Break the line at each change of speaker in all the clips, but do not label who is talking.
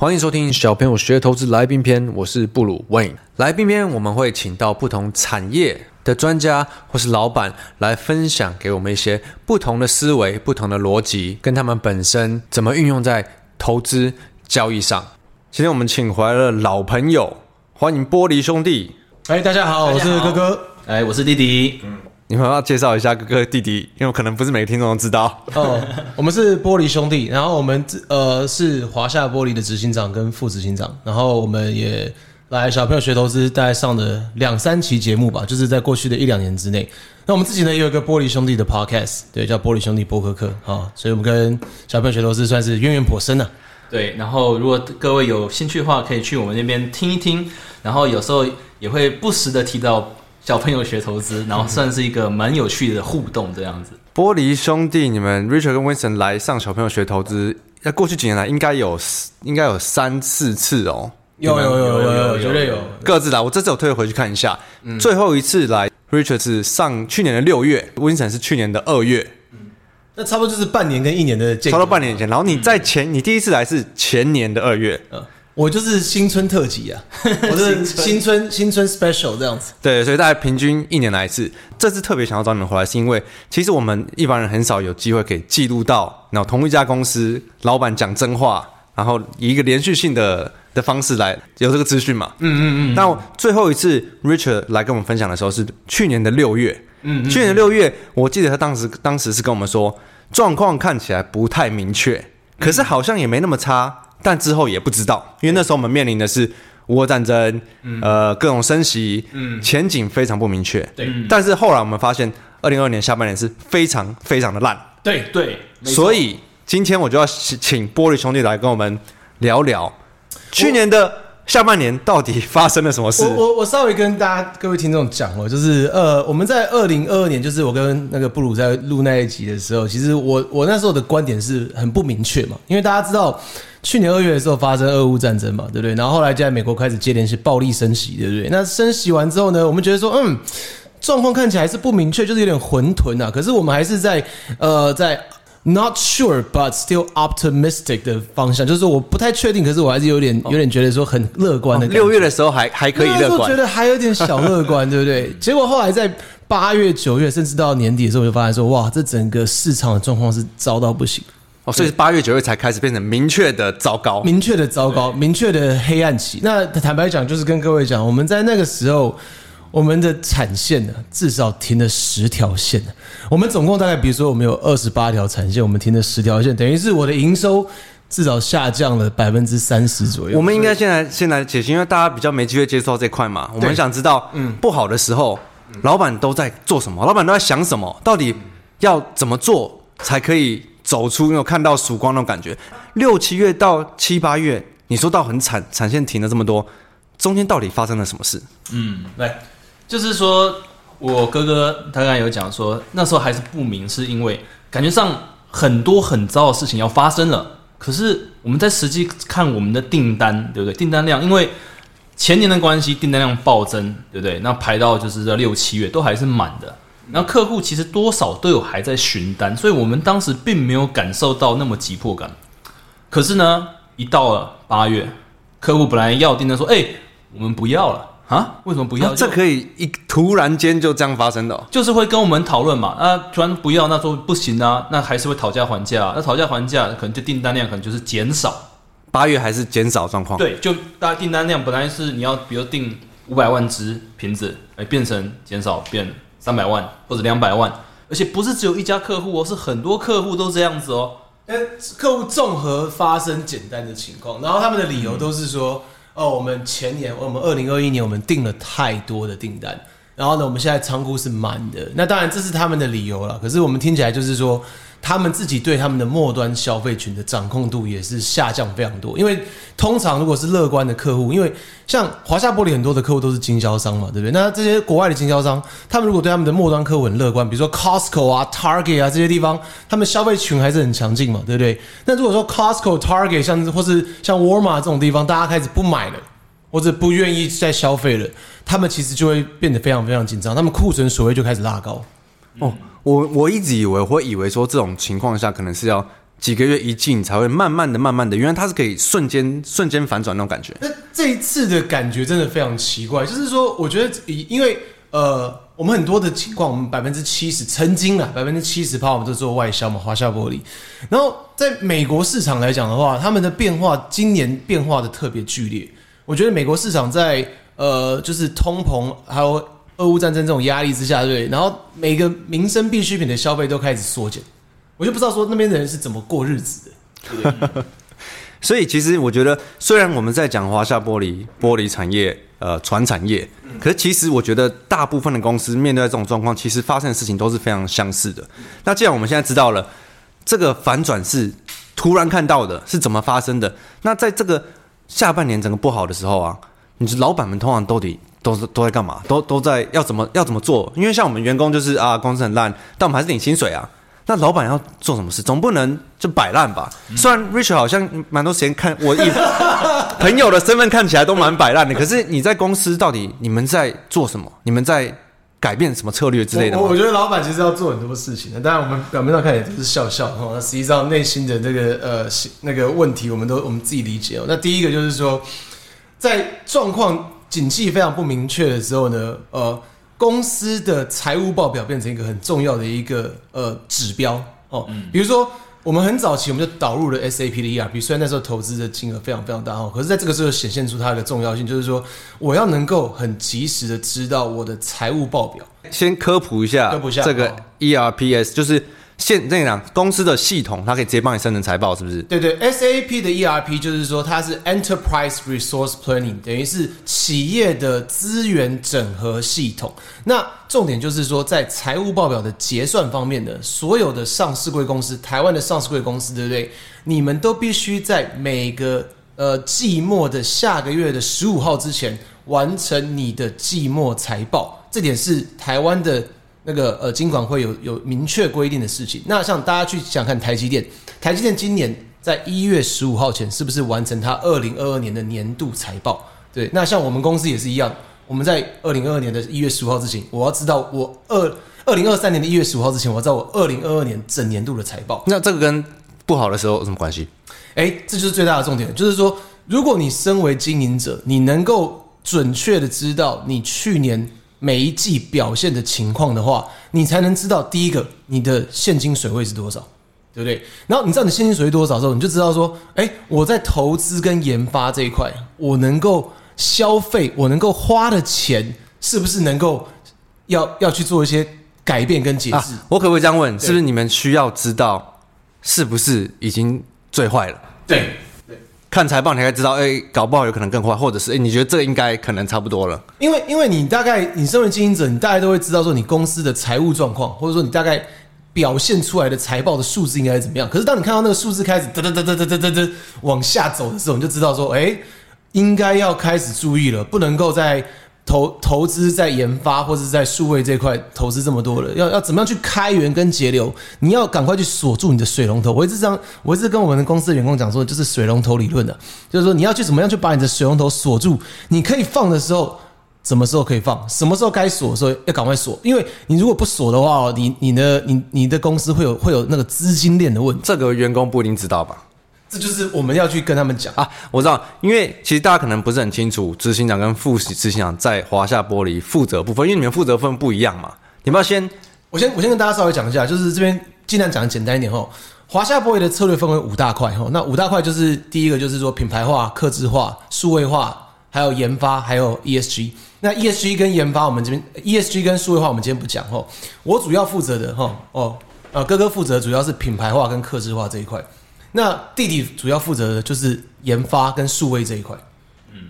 歡迎收聽《小朋友學投資》來賓篇，我是布魯 Wayne。來賓篇我們會請到不同產業的專家或是老闆來分享給我們一些不同的思維、不同的邏輯，跟他們本身怎麼運用在投資交易上。今天我們請回來了老朋友，歡迎玻璃兄弟。哎，大家好，我是哥哥。哎，我是弟弟。嗯。你們要介紹一下哥哥弟弟，因為我可能不是每個聽眾都知道。
哦，我們是玻璃兄弟，然後我們呃是華夏玻璃的執行長跟副執行長，然後我們也來小朋友學投資，大概上了兩三期節目吧，就是在過去的一兩年之內。那我們自己呢也有一個玻璃兄弟的 podcast，對，叫玻璃兄弟玻科客。啊，所以我們跟小朋友學投資算是淵源頗深啊。
對，然後如果各位有興趣的話，可以去我們那邊聽一聽，然後有時候也會不時的提到。小朋友學投資，然後算是一個蠻有趣的互動這樣子。
玻璃兄弟，你們 Richard 跟 Winston 來上小朋友學投資，那、嗯、過去幾年來應該有，應該有三四次哦。有
有有有有，絕對有。
各自來，我這次有退回去看一下。嗯、最後一次來 Richard 是上去年的六月，Winston 是去年的二月。嗯，
那差不多就是半年跟一年的，
差不多半年以前。然後你在前、嗯，你第一次來是前年的二月。嗯
我就是新春特輯啊，我就是新春新春 special 這樣子。
對，所以大家平均一年來一次。這次特別想要找你們回來，是因為其實我們一般人很少有機會可以記錄到，然後同一家公司老闆講真話，然後以一個連續性的的方式來有這個資訊嘛。嗯嗯嗯，嗯。那最後一次 Richard 來跟我們分享的時候是去年的六月。嗯，嗯，嗯。去年的六月，我記得他當時當時是跟我們說，狀況看起來不太明確，嗯嗯，可是好像也沒那麼差。但之後也不知道，因為那時候我們面臨的是烏俄戰爭、嗯，呃，各種升息、嗯，前景非常不明確。對，但是後來我們發現，二零二二年下半年是非常非常的爛。對對，所以今天我就要請玻璃兄弟來跟我們聊聊去年的。下半年到底發生了什麼事？我
我我稍微跟大家，各位聽眾講哦，就是呃，我們在二零二二年，就是我跟那個布魯在錄那一集的時候，其實我我那時候的觀點是很不明確嘛，因為大家知道去年二月的時候發生俄烏戰爭嘛，對不對？然後後來就在美國開始接連是暴力升息，對不對？那升息完之後呢，我們覺得說，嗯，狀況看起來還是不明確，就是有點混沌啊。可是我們還是在呃在。Not sure, but still optimistic 的方向，就是我不太確定，可是我還是有點有點覺得說很樂觀的感覺。哦哦、
六月的時候，還還可以樂觀，我覺得還
有點小樂觀， 對不對？結果後來在八月、九月，甚至到年底的時候，我就發現說，哇，這整個市場的狀況是糟到不行哦，所以
八月、九月才開始變成明確的糟糕，明
確的糟糕，明確的黑暗期。那坦白講，就是跟各位講，我們在那個時候。我們的產線呢，至少停了十條線。我們總共大概，比如說，我們有二十八條產線，我們停了十條線，等於是我的營收至少下降了百分之三十左右。我們
應該現在現在解析，因為大家比較沒機會接觸到這塊嘛。我們想知道，嗯，不好的時候，老闆都在做什麼？老闆都在想什麼？到底要怎麼做才可以走出？有看到曙光的那種感覺？六七月到七八月，你說到很慘，產線停了這麼多，中間到底發生了什麼事？
嗯，來。
就是說，我哥哥他剛才有講說，那時候還是不明，是因為感覺上很多很糟的事情要發生了。可是我們在實際看我們的訂單，對不對？訂單量因為前年的關係，訂單量暴增，對不對？那排到就是這六七月都還是滿的。那客戶其實多少都有還在詢單，所以我們當時並沒有感受到那麼急迫感。可是呢，一到了八月，客戶本來要訂單說，誒、欸，我們不要了。啊，為什麼不要？啊、這可以一突然間就這樣發生的、哦，就是會跟我們討論嘛。那、啊、突然不要，那說不行啊，那還是會討價還價、啊。那討價還價，可能就訂單量可能就是減少。八月
還是減少狀況。對，就
大家訂單量本來是你要比如訂五百萬支瓶子，哎，變成減少，變三百萬或者兩百萬。而且不是只有一家客戶、哦，
而是很多客戶都這樣子哦。客戶綜合發生簡單的情況，然後他們的理由都是說。嗯哦，我們前年，我們二零二一年，我們訂了太多的訂單，然後呢，我們現在倉庫是滿的。那當然，這是他們的理由了。可是我們聽起來就是說。他們自己對他們的末端消費群的掌控度也是下降非常多，因為通常如果是樂觀的客戶，因為像華夏玻璃很多的客戶都是經銷商嘛，對不對？那這些國外的經銷商，他們如果對他們的末端客戶很樂觀，比如說 Costco 啊、Target 啊這些地方，他們消費群還是很強勁嘛，對不對？那如果說 Costco、Target，像或是像 Walmart 這種地方，大家開始不買了，或者不願意再消費了，他們其實就會變得非常非常緊張，他們庫存所謂就開始拉高。
哦，我我一直以為會以為說這種情況下可能是要幾個月一進才會慢慢的、慢慢的，因為它是可以瞬間、瞬間反轉那種感覺。那
這一次的感覺真的非常奇怪，就是說，我覺得以因為呃，我們很多的情況，我們百分之七十曾經啊，百分之七十，怕我們都做外銷嘛，華夏玻璃。然後在美國市場來講的話，他們的變化今年變化的特別劇烈。我覺得美國市場在呃，就是通膨還有。俄烏戰爭這種壓力之下，對，然後每個民生必需品的消費都開始縮減，我就不知道說那邊的人是怎麼過日子的。
所以，其實我覺得，雖然我們在講華夏玻璃、玻璃產業、呃，傳產業，可是其實我覺得大部分的公司面對這種狀況，其實發生的事情都是非常相似的。那既然我們現在知道了這個反轉是突然看到的，是怎麼發生的？那在這個下半年整個不好的時候啊。你是老闆們通常到底都是都在幹嘛？都都在要怎麼要怎麼做？因為像我們員工就是啊，公司很爛，但我們還是領薪水啊。那老闆要做什麼事？總不能就擺爛吧，嗯？雖然 Richard 好像蠻多時間看我一 朋友的身份看起來都蠻擺爛的，可是你在公司到底你們在做什麼？你們在改變什麼策略之類的？我我覺得
老闆其實要做很多事情的，當然我們表面上看也是笑笑，那實際上內心的那、這個呃那個問題，我們都我們自己理解哦，喔。那第一個就是說。在狀況景氣非常不明確的時候呢，呃，公司的財務報表變成一個很重要的一個呃指標哦。比如說，我們很早期我們就導入了 SAP 的 ERP，雖然那時候投資的金額非常非常大哦，可是在這個時候顯現出它的重要性，就是說我要能夠很及時的知道我的財務報表。
先科普一下，科普一下，這個 ERP S，哦，就是。現在這樣講，公司的系統它可以直接幫你生成財報，是不是？
對對，SAP 的 ERP 就是說它是 Enterprise Resource Planning，等於是企業的資源整合系統。那重點就是說，在財務報表的結算方面的，所有的上市櫃公司，台灣的上市櫃公司，對不對？你們都必須在每個呃季末的下個月的十五號之前完成你的季末財報，這點是台灣的。那個呃，金管會有有明確規定的事情。那像大家去想看台積電，台積電今年在一月十五號前是不是完成它二零二二年的年度財報？對，那像我們公司也是一樣，我們在二零二二年的一月十五號之前，我要知道我二二零二三年的一月十五號之前，我要知道我二零二二年整年度的財報。那這個跟不好的時候有什麼關係？哎、欸，這就是最大的重點，就是說，如果你身為經營者，你能夠準確的知道你去年每一季表現的情況的話，你才能知道第一個你的現金水位是多少，對不對？然後你知道你的現金水位多少的時候，你就知道說，欸，我在投資跟研發這一塊，我能夠消費，我能夠花的錢是不是能夠要要去做一些改變跟解釋？啊，
我可不可以這樣問？是不是你們需要知道，是不是已經最壞了？對。看財報，你應該知道，哎、欸，搞不好有可能更壞，或者是，哎、欸，你覺得這應該可能差不多了。
因為，因為你大概，你身為經營者，你大概都會知道說，你公司的財務狀況，或者說你大概表現出來的財報的數字應該怎麼樣。可是，當你看到那個數字開始噔噔噔噔噔噔噔往下走的時候，你就知道說，哎、欸，應該要開始注意了，不能夠再。投投資在研發，或者是在數位這塊投資這麼多了，要要怎麼樣去開源跟節流？你要趕快去鎖住你的水龍頭。我一直這樣，我一直跟我們的公司員工講說，就是水龍頭理論的、啊，就是說你要去怎麼樣去把你的水龍頭鎖住。你可以放的時候，什麼時候可以放？什麼時候該鎖的時候要趕快鎖。因為你如果不鎖的話，你你的你你的公司會有會有那個資金鏈的問題。這個員工不一定知道吧？這就是我們要去跟他們講啊！我
知道，因為其實大家可能不是很清楚執行長跟副執行長在華夏玻璃負責
部分，因為你們負責部分不一樣嘛。你們要先，我先我先跟大家稍微講一下，就是這邊盡量講的簡單一點哦。華夏玻璃的策略分為五大塊哦，那五大塊就是第一個就是說品牌化、客制化、數位化，還有研發，還有 ESG。那 ESG 跟研發我們這邊 ESG 跟數位化我們今天不講哦，我主要負責的哈哦，呃，哥哥負責主要是品牌化跟客制化這一塊。那弟弟主要負責的就是研發跟數位這一塊。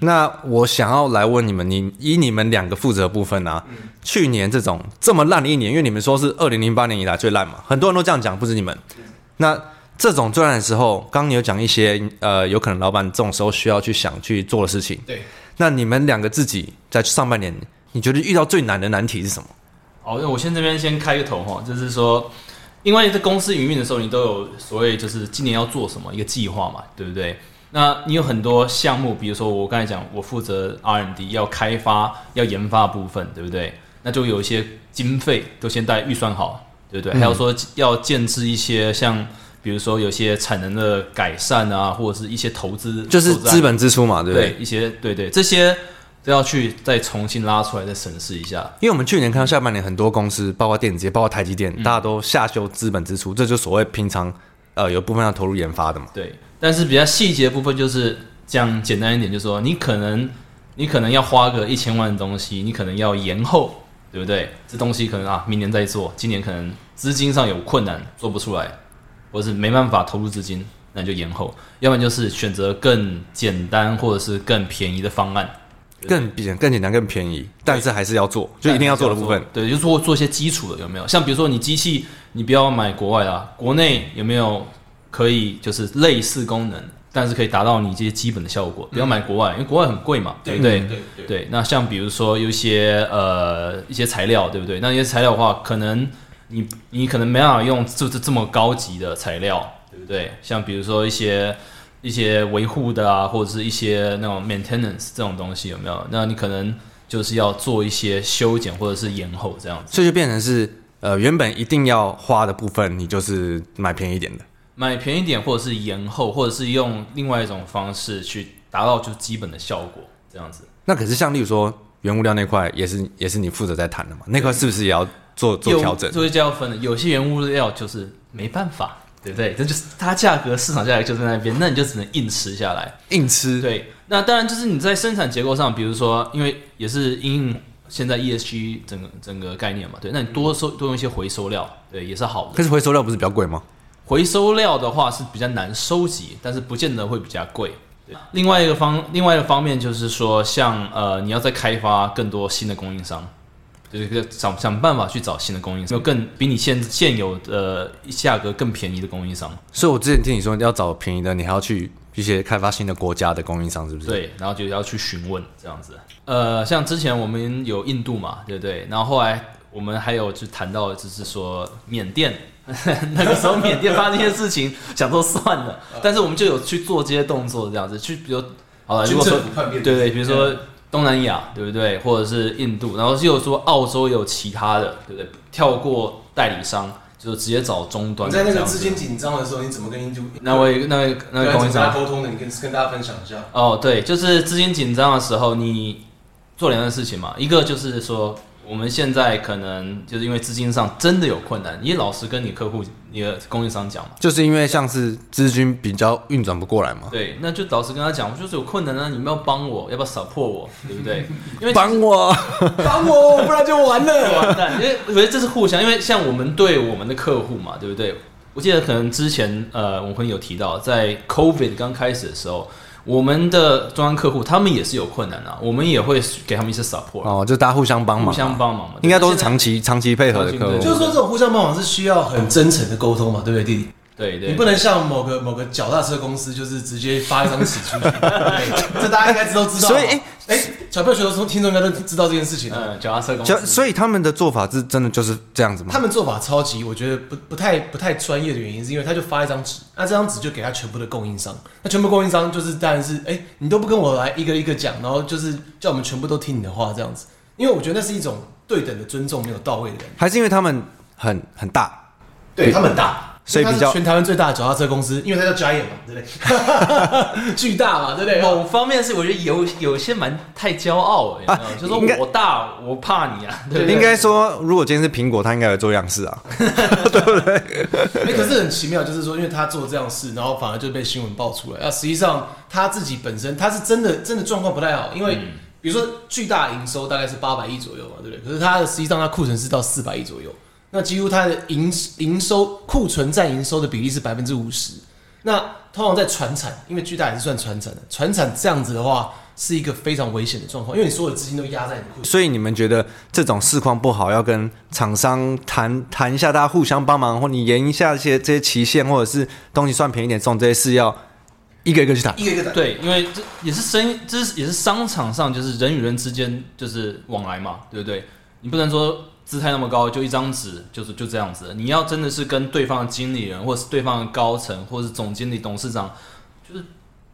那我想要來問你們，你以你們兩個負責的部分啊、嗯，去年這種這麼爛的一年，因為你們說是二零零八年以來最爛嘛，很多人都這樣講，不止你們。嗯、那這種最爛的時候，剛剛你有講一些呃，有可能老板這種時候需要去想去做的事情。對。那你們兩個自己在上半年，你覺得遇到最難的難題是什麼？
哦，那我先這邊先開個頭哈，就是說。因為在公司營運的時候，你都有所謂就是今年要做什麼一個計劃嘛，對不對？那你有很多項目，比如說我剛才講，我負責 R&D 要開發要研發部分，對不對？那就有一些經費都先在預算好，對不對？還有說要建置一些像比如說有些產能的改善啊，或者是一些投資，就是資本支
出嘛，對不對？對，
一些對對，這些。這要去再重新拉出來，再審視一
下。因為我們去年看到下半年很多公司，包括電子業，包括台積電，嗯，大家都下修資本支出，這就是所謂平常呃有部分要投入研發的嘛。對，但是比較細節部分，就是
講簡單一點，就是說你可能你可能要花個一千萬的東西，你可能要延後，對不對？這東西可能啊，明年再做，今年可能資金上有困難，做不出來，或是沒辦法投入資金，那就延後。要不然就是選擇更簡單或者是更便宜的方案。更便更簡單更便宜，但是還是要做，就一定要做的部分。對，就是、做做些基礎的，有沒有？像比如說你機器，你不要買國外啊，國內有沒有可以就是類似功能，但是可以達到你這些基本的效果？不要買國外，嗯、因為國外很貴嘛，對不對？、嗯、對？對對對。那像比如說有一些呃一些材料，對不對？那一些材料的話，可能你你可能沒辦法用這這麼高級的材料，對不對？嗯、像比如說一些。一些維護的啊，或者是一些那種 maintenance 這種東西有沒有？那你可能就是要做一些修剪，或者是延後這樣子，
所以就變成是呃原本一定要花的部分，你就是買便宜一點的，
買便宜點，或者是延後，或者是用另外一種方式去達到就基本的效果這樣子。
那可是像例如說原物料那塊，也是也是你負責在談的嘛？那塊是不是也要做做調整？
所以就要分的，有些原物料就是沒辦法。對不對？這就是它價格，市場價格就在那邊，那你就只能硬吃下來，硬吃。對，那當然就是你在生產結構上，比如說，因為也是因應現在 ESG 整個整個概念嘛，對，那你多收多用一些回收料，對，也是好的。可是
回收料不是比較貴
嗎？回收料的話是比較難收集，但是不見得會比較貴。對，另外一個方另外一個方面就是說，像呃，你要再開發更多新的供應商。就是想想辦法去找新的供應商，有更比你現現有的價、呃、格更便宜的供應商。
所以，我之前聽你說要找便宜的，你還要去一些開發新的國家的供應商，是不是？對，
然後就要去詢問這樣子。呃，像之前我們有印度嘛，對不對？然後後來我們還有就談到，就是說緬甸呵呵那個時候緬甸發生一些事情， 想說算了，但是我們就有去做這些動作，這樣子。去，比如好了，如果說對，對對，比如說。東南亞對不對？或者是印度，然後又說澳洲，有其他的，對不對？跳過代理商，就直接找終端。你在那個資
金緊張的時候，你怎麼跟印度那位那位那位供應商溝通的？你跟跟大家分享一下。
哦，對，就是資金緊張的時候，你做兩件事情嘛，一個就是說。我們現在可能就是因為資金上真的有困難，你老實跟你客戶、你的供應商講
嘛，就是因為像是資金比較運轉不過來嘛。
對，那就老實跟他講，就是有困難呢、啊，你們要幫我，要不要 support 我，對不對？幫、就是、
我，幫 我，
不然就完了， 完蛋。因為我覺得這是互相，因為像我們對我們的客戶嘛，對不對？我記得可能之前呃，我朋友有提到，在 COVID 剛開始的時候。我們的中央客戶，他們也是有困難啊，我們也會給他們一些 support。哦，就大家互相幫忙，互相
幫忙
嘛，應該都是長期長期配合的客戶。對，就是說，
這種互相幫忙是需要很，很真誠的溝通嘛，對不對，弟弟？對，對。你不能像某個某個腳踏車公司，就是直接發一張紙出去 對，這大家應該都知道。所以，所以誒哎。誒小朋友、學的時候，聽眾應該都知道這件事情、啊。嗯、呃，腳
所以他們的做法是真的就是這樣子嗎？他們做
法超級，我覺得不不太不太專業的原因，是因為他就發一張紙，那、啊、這張紙就給他全部的供應商，那全部供應商就是當然是，哎、欸，你都不跟我來一個一個講，然後就是叫我們全部都聽你的話這樣子。因為我覺得那是一種對等的尊重沒有到位的感覺，
還是因為他們很很大，對，他們很大。
所以比較全台灣最大的腳踏車公司，因為它叫 Giant 嘛，對不對？ 巨大嘛，對不對？
某方面是我覺得有有些蠻太驕傲了、欸啊，就說我大，我怕你啊。
對，應該
說，如果今天是蘋果，他應該有做樣式啊， 對
不吧 對？那、欸、可是很奇妙，就是說，因為他做這樣事，然後反而就被新聞爆出來。啊，實際上他自己本身，他是真的真的狀況不太好，因為、嗯、比如說巨大營收大概是八百億左右嘛，對不對？可是他的實際上他庫存是到四百億左右。那幾乎它的營營收庫存占營收的比例是百分之五十，那通常在傳產，因為巨大也是算傳產的，傳產這樣子的話是一個非常危險的狀況，因為你所有資金都壓在你的庫。
所以你們覺得這種市況不好，要跟廠商談談一下，大家互相幫忙，或你延一下這些這些期限，或者是東西算便宜一點，送。這些事要一個一個去談，一個一個談。對，
因為這也是生意，這是也是商場上就是人與人之間就是往來嘛，對不對？你不能說。姿態那麼高，就一張紙，就是就這樣子。你要真的是跟對方的經理人，或是對方的高層，或是總經理、董事長，就是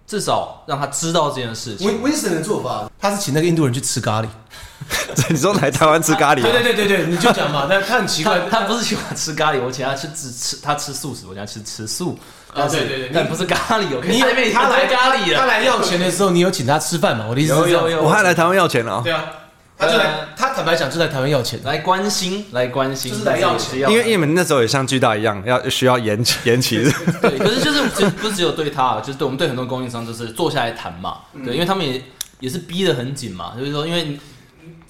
至少讓他知道這件事情。Winson 的做法，
他是請那個印度人去吃咖喱。 你說來台灣吃咖喱，啊。對對對對，你就講嘛。他他
很奇怪 他，他不是喜歡吃咖喱，我請他吃吃，他吃素食，我想吃吃素。啊對對對，但你不，是不是咖喱。我咖喱他來咖喱他來，他來要錢的
時候，你有請他吃飯嗎？我的意思是我還來台灣要錢了，哦。對
啊。他就來，嗯、他坦白講，就在台灣要錢，來關心，來關心，就是來要錢，是是要錢。因為
你們那時候也像巨大一樣，要需要延期延期的。
對，可是就是不只有對他，就是對我們，對很多供應商，就是坐下來談嘛、嗯。對，因為他們也也是逼得很緊嘛，就是說，因為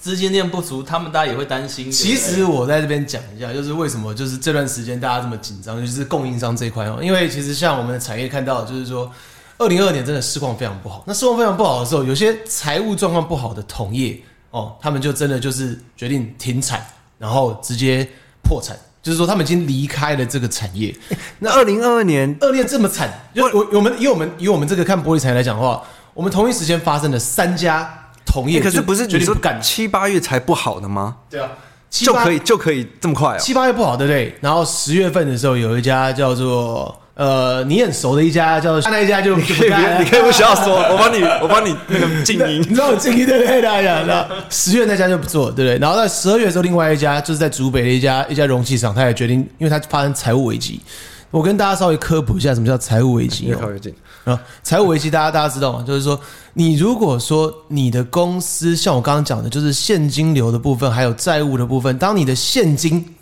資金鏈不足，他們大家也
會擔心對對。其實我在這邊講一下，就是為什麼，就是這段時間大家這麼緊張，就是供應商這一塊哦。因為其實像我們的產業看到，就是說，二零二二年真的市況非常不好。那市況非常不好的時候，有些財務狀況不好的同業。哦，他們就真的就是決定停產，然後直接破產，就是說他們已經離開了這個產業。那二零二二年二年這麼慘，我就我們以我們以我們這個看玻璃產業來講的話，我們同一時間發生了三家同業、欸，可是不是你說
趕七八月才不好的嗎？對啊，就可以七八就可以這麼快、喔，七八
月不好對不對？然後十月份的時候有一家叫做。呃，你很熟的一家叫做那一家就不你，你可以不需要說，我幫你， 你，我幫你那個靜音，你知道我靜音對不對？大家知道，十月那家就不做，對不對？然後在十二月之後，另外一家就是在竹北的一家一家容器廠，他也決定，因為他發生財務危機。我跟大家稍微科普一下什麼叫財務危機、嗯、財務危機大家 大家知道嗎？就是說，你如果說你的公司像我剛剛講的，就是現金流的部分還有債務的部分，當你的現金。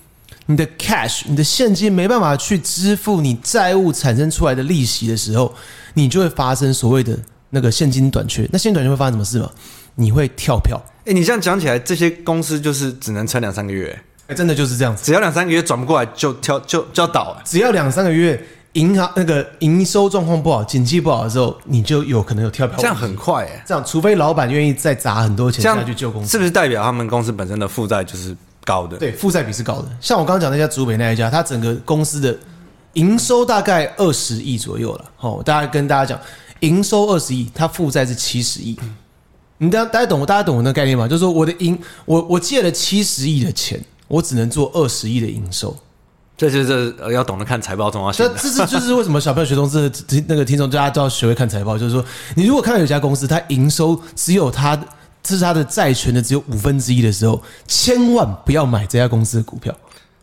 你的 cash，你的現金沒辦法去支付你債務產生出來的利息的時候，你就會發生所謂的那個現金短缺。那現金短缺會發生什麼事嗎？你會跳票。
哎、欸，你這樣講起來，這些公司就是只能撐兩三個月、欸。真的就是這樣子，只要兩三個月轉不過來就跳就就要倒了。
只要兩三個月，銀行那個營收狀況不好，景氣不好的時候，你就有可能有跳票。這樣很快、欸，這樣除非老板願意再砸很多錢這樣下去
救公司，是不是代表他們公司本身的負債
就是？高的對負債比是高的，像我剛剛講那家竹北那一家，它整個公司的營收大概二十億左右了。哦，我大概跟大家講，營收二十億，它負債是七十億。你大家大家懂我，大家懂我那個概念嗎？就是說我，我的營，我我借了七十億的錢，我只能做二十億的營收。
這就是,這是要懂得看財報重
要性。 這這是就是為什麼小朋友學童這個、那個聽眾大家都要學會看財報。就是說，你如果看到有家公司，它營收只有它。這是他的債權的只有五分之一的時候，千萬不要買這家公司的股票，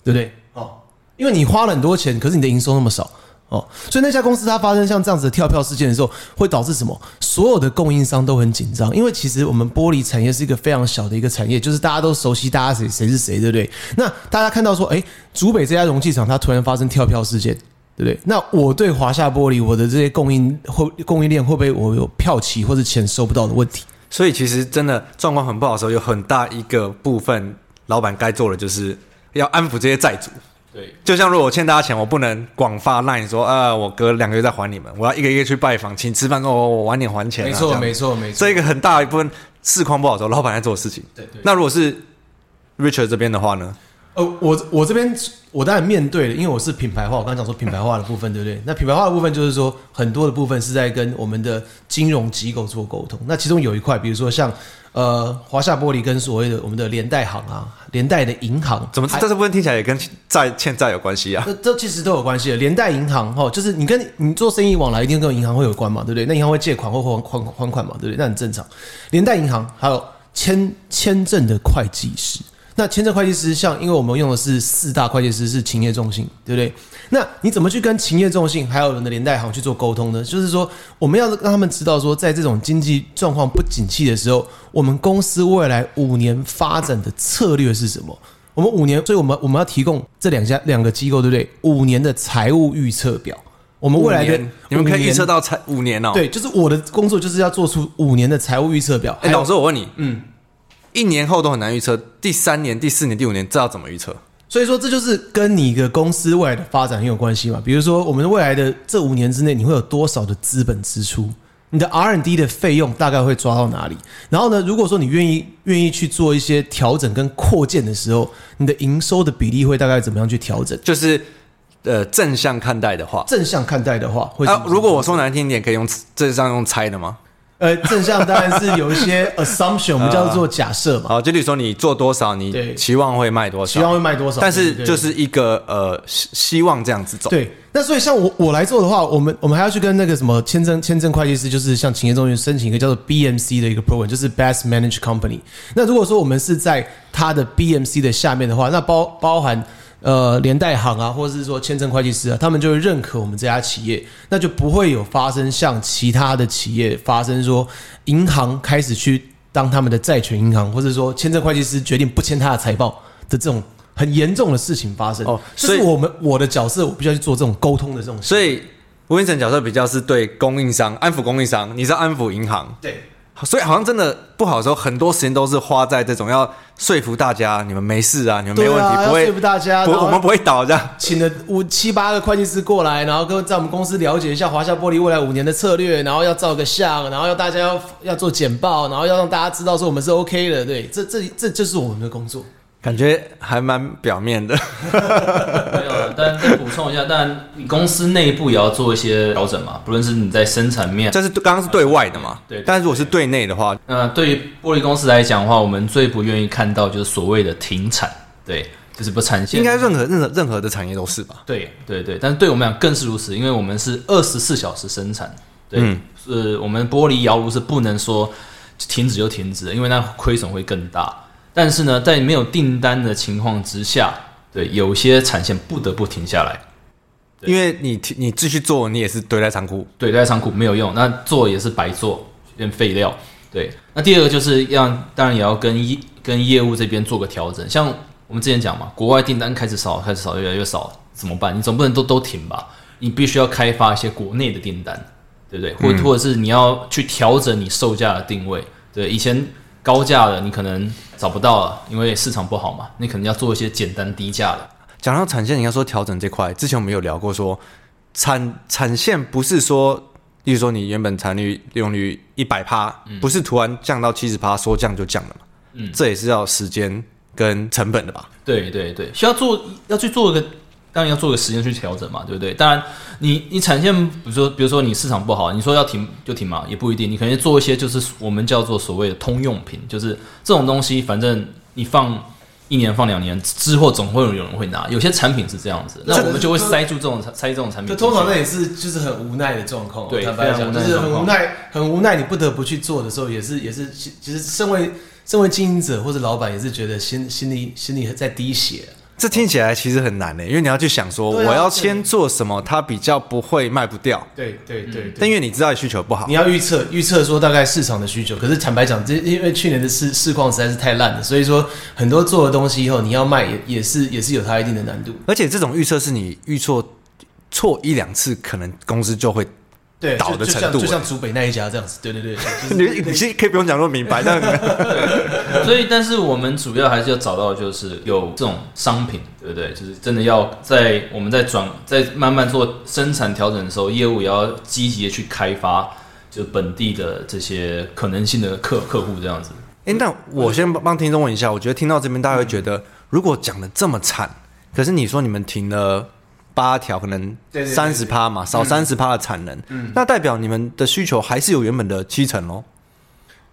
對不對？哦，因為你花了很多錢，可是你的營收那麼少哦，所以那家公司它發生像這樣子的跳票事件的時候，會導致什麼？所有的供應商都很緊張，因為其實我們玻璃產業是一個非常小的一個產業，就是大家都熟悉，大家誰誰是誰，對不對？那大家看到說，哎，竹北這家容器廠它突然發生跳票事件，對不對？那我對華夏玻璃，我的這些供應或供應鏈會不會我有票期或者錢收不到的問題？
所以其實真的狀況很不好的時候，有很大一個部分，老闆該做的就是要安撫這些債主。對，就像如果我欠大家錢，我不能廣發 line 說啊、呃，我隔兩個月再還你們，我要一個月一個去拜訪，請吃飯，跟、哦、我我晚點還錢、啊。沒錯，沒錯，沒錯。這個很大一部分，市況不好的時候，老闆在做的事情。對對。那如果是 Richard 這邊的話呢？
呃，我我這邊我當然面對的，因為我是品牌化，我剛才講說品牌化的部分，對不對？那品牌化的部分就是說，很多的部分是在跟我們的金融機構做溝通。那其中有一塊，比如說像呃華夏玻璃跟所謂的我們的連帶行啊，連帶的銀行，怎麼？但這部分聽起來也跟債欠債有關係啊？這這其實都有關係的。連帶銀行哈，就是你跟你做生意往來，一定跟銀行會有關嘛，對不對？那銀行會借款或還還還款嘛，對不對？那很正常。連帶銀行還有簽簽證的會計師。那簽證會計師，像因為我們用的是四大會計師是勤業眾信，對不對？那你怎麼去跟勤業眾信還有我們的聯貸行去做溝通呢？就是說，我們要讓他們知道說，在這種經濟狀況不景氣的時候，我們公司未來五年發展的策略是什麼？我們五年，所以我們我們要提供這兩家兩個機構，對不對？五年的財務預測表，我們未來的五年五年你們可以預測到財五年哦。對，就是我的工作就是要做出五年的財務預測表。哎，老師，我
問你，嗯。一年後都很難預測，第三年、第四年、第五年這要怎麼預測？
所以說這就是跟你一個公司未來的發展很有關係嘛。比如說，我們未來的這五年之內，你會有多少的資本支出？你的 R&D 的費用大概會抓到哪裡？然後呢，如果說你願意願意去做一些調整跟擴建的時候，你的營收的比例會大概怎麼樣去調整？就是呃正向看
待的話，正
向看待的話會、啊。
如果我說難聽一點，可以用這上用猜的嗎？
呃，正向當然是有一些 assumption， 我們叫做假設
嘛、呃。好，就比、是、如說你做多少，你期望會賣多少，期望會賣多少。但是就是一個對對對呃希希望這樣子走。對，那
所以像我我來做的話，我們我們還要去跟那個什麼簽證簽證會計師，就是向勤業眾信申請一個叫做 BMC 的一個 program，就是 Best Managed Company。那如果說我們是在它的 BMC 的下面的話，那包包含。呃，連帶行啊，或者是說簽證會計師啊，他們就會認可我們這家企業，那就不會有發生像其他的企業發生說，銀行開始去當他們的債權銀行，或者說簽證會計師決定不簽他的財報的這種很嚴重的事情發生。哦，所以、就是、我們我的角色我必須要去做這種溝通的這種
事。所以 Vincent 角色比較是對供應商安撫供應商，你知道安撫銀行。對。所以好像真的不好的時候，很多時間都是花在這種要說服大家，你們沒事啊，你們沒問題，啊、不會。說服
大家，不，我們不會倒這樣，請了五七八個會計師過來，然後跟在我們公司了解一下華夏玻璃未來五年的策略，然後要照個相，然後要大家要要做簡報，然後要讓大家知道說我們是 OK 的，對，這這這就是我們的工作。
感覺還蠻表面的 對，沒有。但再補充一下，
但你公司內部也要做一些調整嘛？不論是你在生產面，這是剛剛是對外的嘛？啊、對，對，對。但如果是對內的話，那對於玻璃公司來講的話，我們最不願意看到就是所謂的停產，對，就是不產生。應該任何任何任何的產業都是吧？對，對對。但是對我們講更是如此，因為我們是二十四小時生產，對，是、嗯呃。我們玻璃窯爐是不能說停止就停止，因為那虧損會更大。但是呢，在沒有訂單的情況之下，對，有些產線不得不停下來，對，因為你你繼續做，你也是堆在倉庫，堆在倉庫沒有用，那做也是白做變廢料。對，那第二個就是讓當然也要跟業跟業務這邊做個調整。像我們之前講嘛，國外訂單開始少，開始少，越來越少，怎麼辦？你總不能都都停吧？你必須要開發一些國內的訂單，對不對？或、嗯、或者是你要去調整你售價的定位。對，以前。高價的你可能找不到了，因為市場不好嘛，你可能要做一些簡單低價的。
講到產線，你要說調整這塊，之前我們有聊過說，說產產線不是說，例如說你原本產率利用率一百趴，不是突然降到七十趴，說降就降了嘛，嗯，這也是要時間跟成本的吧？
對對對，需要做，要去做一個。當然要做個時間去調整嘛，對不對？當然你，你你產線，比如說，比如說你市場不好，你說要停就停嘛，也不一定。你可能做一些，就是我們叫做所謂的通用品，就是這種東西，反正你放一年、放兩年，之後總會有人會拿。有些產品是這樣子，那我們就會塞住這種，這這塞，
住這種塞這種產品。就通常那也是就是，是，是，是很無奈的狀況，喔，對，非常，非常無奈就是很無奈，很無奈，你不得不去做的時候也，也是也是其實身為身為經營者或者老闆，也是覺得心心裡心裡在滴血。這聽起來其實很難呢、欸，因
為你要去想說，啊、我要先做什麼，它
比較不會賣不掉。對對對、嗯。但因為你知道需求不好，你要預測預測說大概市場的需求，可是坦白講，這因為去年的市市況實在是太爛了，所以說很多做的東西以後你要賣也也是也是有它一定的難度。
而且這種預測是你預測錯一兩次，可能公司就會。倒的程度，就像
竹北那一家這樣子。對對對，
就是、 你對你
可以不用講說明白，但
所以，但是我們主要還是要找到，就是有這種商品，對不對？就是真的要在我們在轉在慢慢做生產調整的時候，業務也要積極的去開發，就本地的這些
可能性的客客戶這樣子。哎、欸，那我先幫聽眾問一下，我覺得聽到這邊，大家會覺得，如果講的這麼慘，可是你說你們停了。八條可能三十趴嘛，對對對對，少三十趴的產能，嗯，那代表你們的需求還是有原本的七成哦？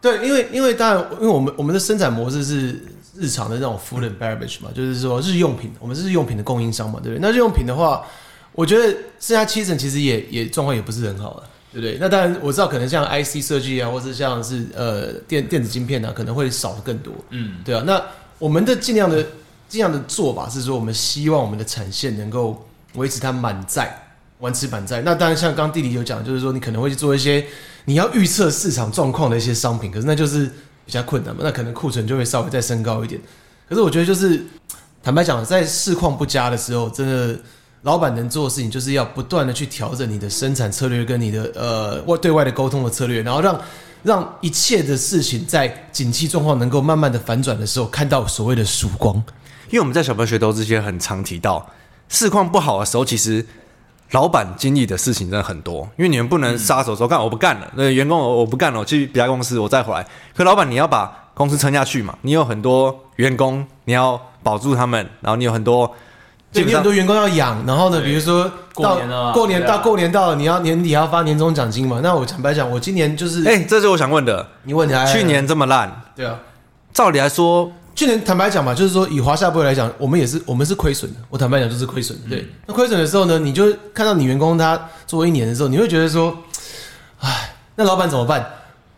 對，因為因為當然，因為我們我們的生產模式是日常的這種 food and beverage 嘛，就是說日用品，我們是日用品的供應商嘛，對不對？那日用品的話，我覺得剩下七成其實也也狀況也不是很好了，對不對？那當然我知道，可能像 IC 設計啊，或是像是呃電電子晶片啊，可能會少的更多，嗯，對啊。那我們的盡量的盡量的做法是說，我們希望我們的產線能夠。維持它滿載，完全滿載。那當然，像剛剛弟弟有講，就是說你可能會去做一些你要預測市場狀況的一些商品，可是那就是比較困難嘛。那可能庫存就會稍微再升高一點。可是我覺得，就是坦白講，在市況不佳的時候，真的老闆能做的事情，就是要不斷的去調整你的生產策略跟你的呃外對外的溝通的策略，然後讓讓一切的事情在景氣狀況能夠慢慢的反轉的時候，看到所謂的曙光。
因為我們在小朋友學堂之前很常提到。市況不好的時候，其實老板經歷的事情真的很多，因為你們不能撒手說幹、嗯，我不幹了，那員工我我不幹了，我去別家公司，我再回來。可老板你要把公司撐下去嘛，你有很多員工你要保住他們，然後你有很多，就有很多
員工要養。然後呢，比如說過年了，
過年、啊、到
過年到了，你要年底要發年終獎金嘛。那我坦白講，我今年就是，哎、欸，這是我想問的，你問他，去年這麼爛、啊，對啊，照理來說。去年坦白講嘛，就是說以華夏部來講，我們也是我們是虧損的。我坦白講就是虧損。對，那虧損的時候呢，你就看到你員工他做一年的時候，你會覺得說，哎，那老板怎麼辦？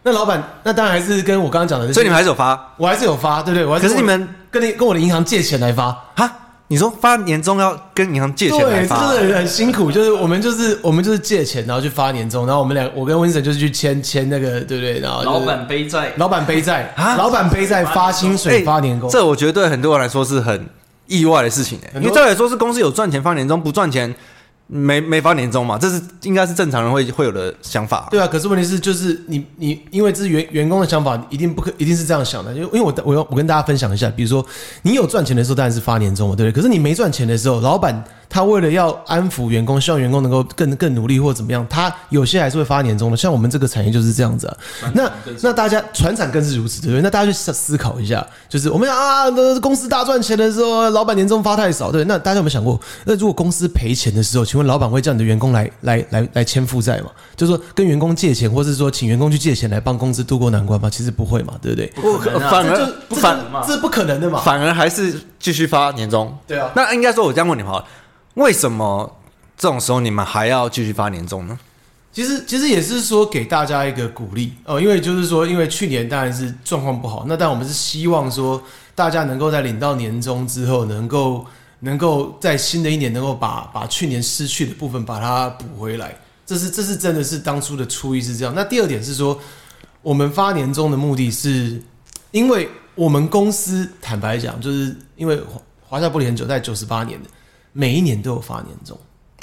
那老板那當然還是跟我剛剛講的這些，所以你們還是有發，我還是有發，對不對，對？我，還是我可是你們跟你跟我的銀行借錢來發哈你說發年終要跟銀行借錢來發、啊？對，這、就、個、是、很辛苦。就是我們就是我們就是借錢，然後去發年終。然後我們倆，我跟溫森就是去簽簽那個，對不對？然後、就是、老闆
背債，老闆背債啊，老闆背
債發薪水發年終、哎發年終哎，這
我覺得對很多人來說是很意外的事情。你因為再來說是公司有賺錢發年終，不賺錢。沒沒發
年終嘛，這是應該是正常人會會有的想法啊。對啊，可是問題是就是你你因為這是員員工的想法，一定不可一定是這樣想的，因為因為我我要我跟大家分享一下，比如說你有賺錢的時候當然是發年終嘛，對不對？可是你沒賺錢的時候，老闆。他為了要安撫員工，希望員工能夠更更努力或怎麼樣，他有些還是會發年終的。像我們這個產業就是這樣子，啊。那那大家傳產更是如此，對不對？那大家去思思考一下，就是我們啊，公司大賺錢的時候，老板年終發太少，對？那大家有沒有想過，那如果公司賠錢的時候，請問老板會叫你的員工來來來來簽負債嗎？就是說跟員工借錢，或是說請員工去借錢來幫公司渡過難關嗎？其實不會嘛，對不對？不可能，啊，反而這，就是，反這不可能的嘛，反而還是
繼續發年終。對啊，那應該說，我這樣問你好了。為什麼這種時候你們還要繼續發年終呢？其
實，其實也是說給大家一個鼓勵哦、呃，因為就是說，因為去年當然是狀況不好，那但我們是希望說大家能夠在領到年終之後，能夠能夠在新的一年能夠把把去年失去的部分把它補回來。這是這是真的是當初的初意是這樣。那第二點是說，我們發年終的目的是，因為我們公司坦白講，就是因為華夏玻璃很久，在九十八年的。每一年都有發年終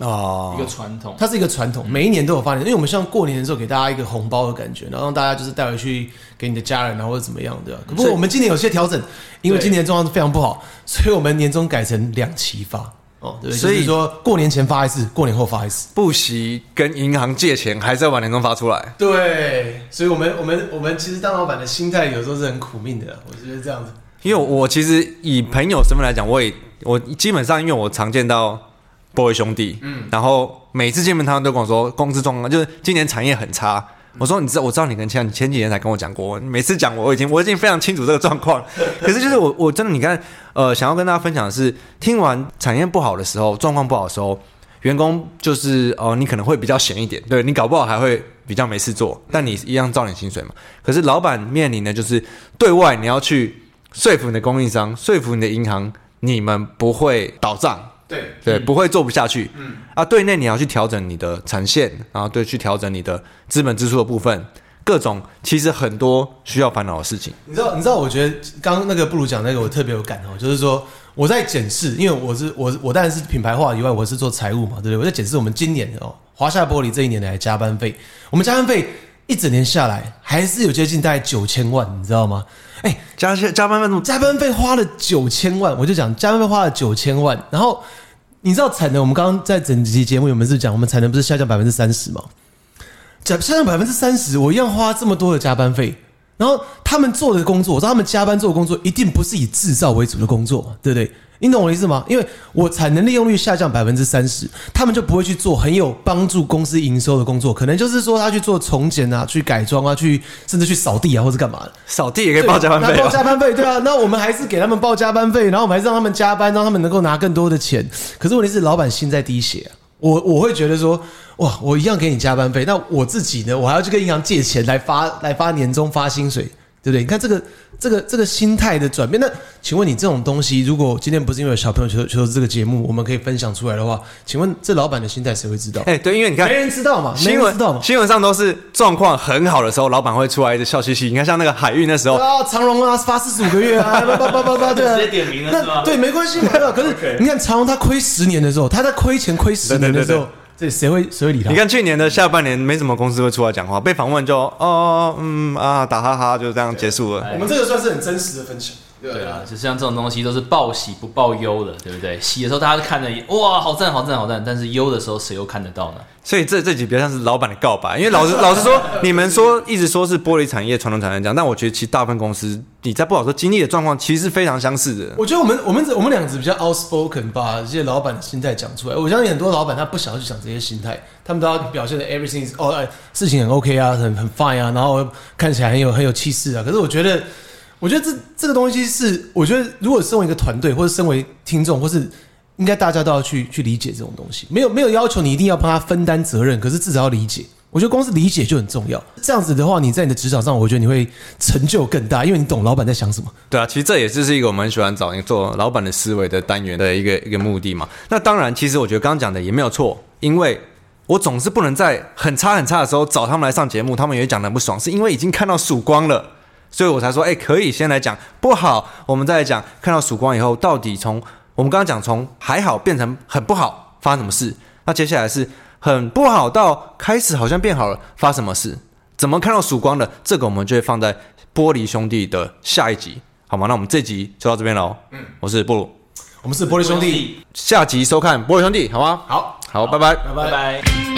哦，一個傳統，它是一個傳統。每一年都有發年，因為我們像過年的時候，給大家一個紅包的感覺，然後讓大家就是帶回去給你的家人啊，或者怎麼樣的。對啊、可不過我們今年有些調整，因為今年狀況非常不好，所以我們年終改成兩期發哦。所以、就是、說，過年前發一次，過年後發一次，不惜跟銀行借錢，還是要把年終發出來。對，所以我們我們我們其實當老板的心態有時候是很苦命的，我覺得這
樣子。因為我其實以朋友身份來講，我也。我基本上，因為我常見到玻璃兄弟，嗯，然後每次見面他們都跟我說工資狀況，就是今年產業很差。我說你知道，我知道你跟前你前幾年才跟我講過，每次講我，我已經我已經非常清楚這個狀況。可是就是我我真的你看，呃，想要跟大家分享的是，聽完產業不好的時候，狀況不好的時候，員工就是哦、呃，你可能會比較閒一點，對你搞不好還會比較沒事做，但你一樣照領薪水嘛。可是老闆面臨的就是對外你要去說服你的供應商，說服你的銀行。你們不會倒賬，對對、嗯，不會做不下去。嗯啊，對內你要去調整你的產線，然後對去調整你的資本支出的部分，各種其實很多需要煩惱的事情，
你知道？你知道？我覺得剛剛那個不如講那個，我特別有感哦，就是說我在檢視，因為我是我我當然是品牌化以外，我是做財務嘛，對不對？我在檢視我們今年的、喔、哦，華夏玻璃這一年來的加班費，我們加班費。一整年下來，還是有接近大概九千萬，你知道嗎？哎、欸，加加班費加班費花了九千萬？我就講加班費花了九千萬。然後你知道產能我剛剛？我們剛剛在整期節目，有沒有？是不是講我們產能不是下降百分之三十嗎？降、下降百分之三十，我一樣花這麼多的加班費。然後他們做的工作，我知道他們加班做的工作一定不是以製造為主的工作，對不對？你懂我的意思嗎？因為我產能利用率下降百分之三十，他們就不會去做很有幫助公司營收的工作，可能就是說他去做重建啊、去改裝啊、去甚至去掃地啊，或者幹嘛的。掃地也可以報加班費喔，報加班費對啊。 那我們還是給他們報加班費，然後我們還是讓他們加班，讓他們能夠拿更多的錢。可是問題是，老板心在滴血啊。我我會覺得說，哇，我一樣給你加班費，那我自己呢？我還要去跟銀行借錢來發來發年終發薪水，對不對？你看這個。這個這個心態的轉變，那請問你這種東西，如果今天不是因為有小朋友求求這個節目，我們可以分享出來的話，請問這老闆的心態誰會知道？哎、欸，
對，因為你看，沒人知道嘛，新聞知道嘛，新聞上都是狀況很好的時候，老闆會出來的笑嘻嘻。你看，像那個海運那時候，啊，
長榮啊，發四十五個月啊，發發發發，對，直接點名了，是是，那對，沒關係，看到。可是你看長榮，他虧十年的時候，他在虧錢虧十年的時候。對對對對對這誰會誰會理
他？你看去年的下半年，沒什麼公司會出來講話，被訪問就哦嗯啊，打哈哈就這樣結束了。我們這個
算是很真實的分享。對啊，就是像這種東西都是報喜不報憂的，對不對？喜的時候大家都看著哇，好讚好讚好讚，但是憂的時候誰又看得到
呢？所以這這集比較像是老闆的告白，因為老實 老實師說， 你們說 一直說是玻璃產業傳統產業這樣，但我覺得其實大部分公司你在不好說經歷的狀況其實是非常相似的。
我覺得我們我們我們兩個比較 outspoken 吧，這些老闆的心態講出來。我相信很多老闆他不想要去講這些心態，他們都要表現的 everything is all right, 事情很 OK 啊，很很 fine 啊，然後看起來很有很有氣勢啊。可是我覺得。我覺得這這個東西是，我覺得如果身為一個團隊，或者身為聽眾，或是應該大家都要去去理解這種東西。沒有沒有要求你一定要幫他分擔責任，可是至少要理解。我覺得光是理解就很重要。這樣子的話，你在你的職場上，我覺得你會成就更大，因為你懂老闆在想什麼。
對啊，其實這也是是一個我們很喜歡找你做老闆的思維的單元的一個一個目的嘛。那當然，其實我覺得剛剛講的也沒有錯，因為我總是不能在很差很差的時候找他們來上節目，他們也會講得很不爽，是因為已經看到曙光了。所以我才說，誒可以先來講不好，我們再來講看到曙光以後，到底從我們剛剛講從還好變成很不好，發生什麼事？那接下來是很不好到開始好像變好了，發生什麼事？怎麼看到曙光的？這個我們就會放在玻璃兄弟的下一集，好嗎？那我們這集就到這邊嘍。嗯，我是布魯，我們是玻璃兄弟，下集收看玻璃兄弟，好嗎？好，好，好，拜拜，拜拜。拜拜。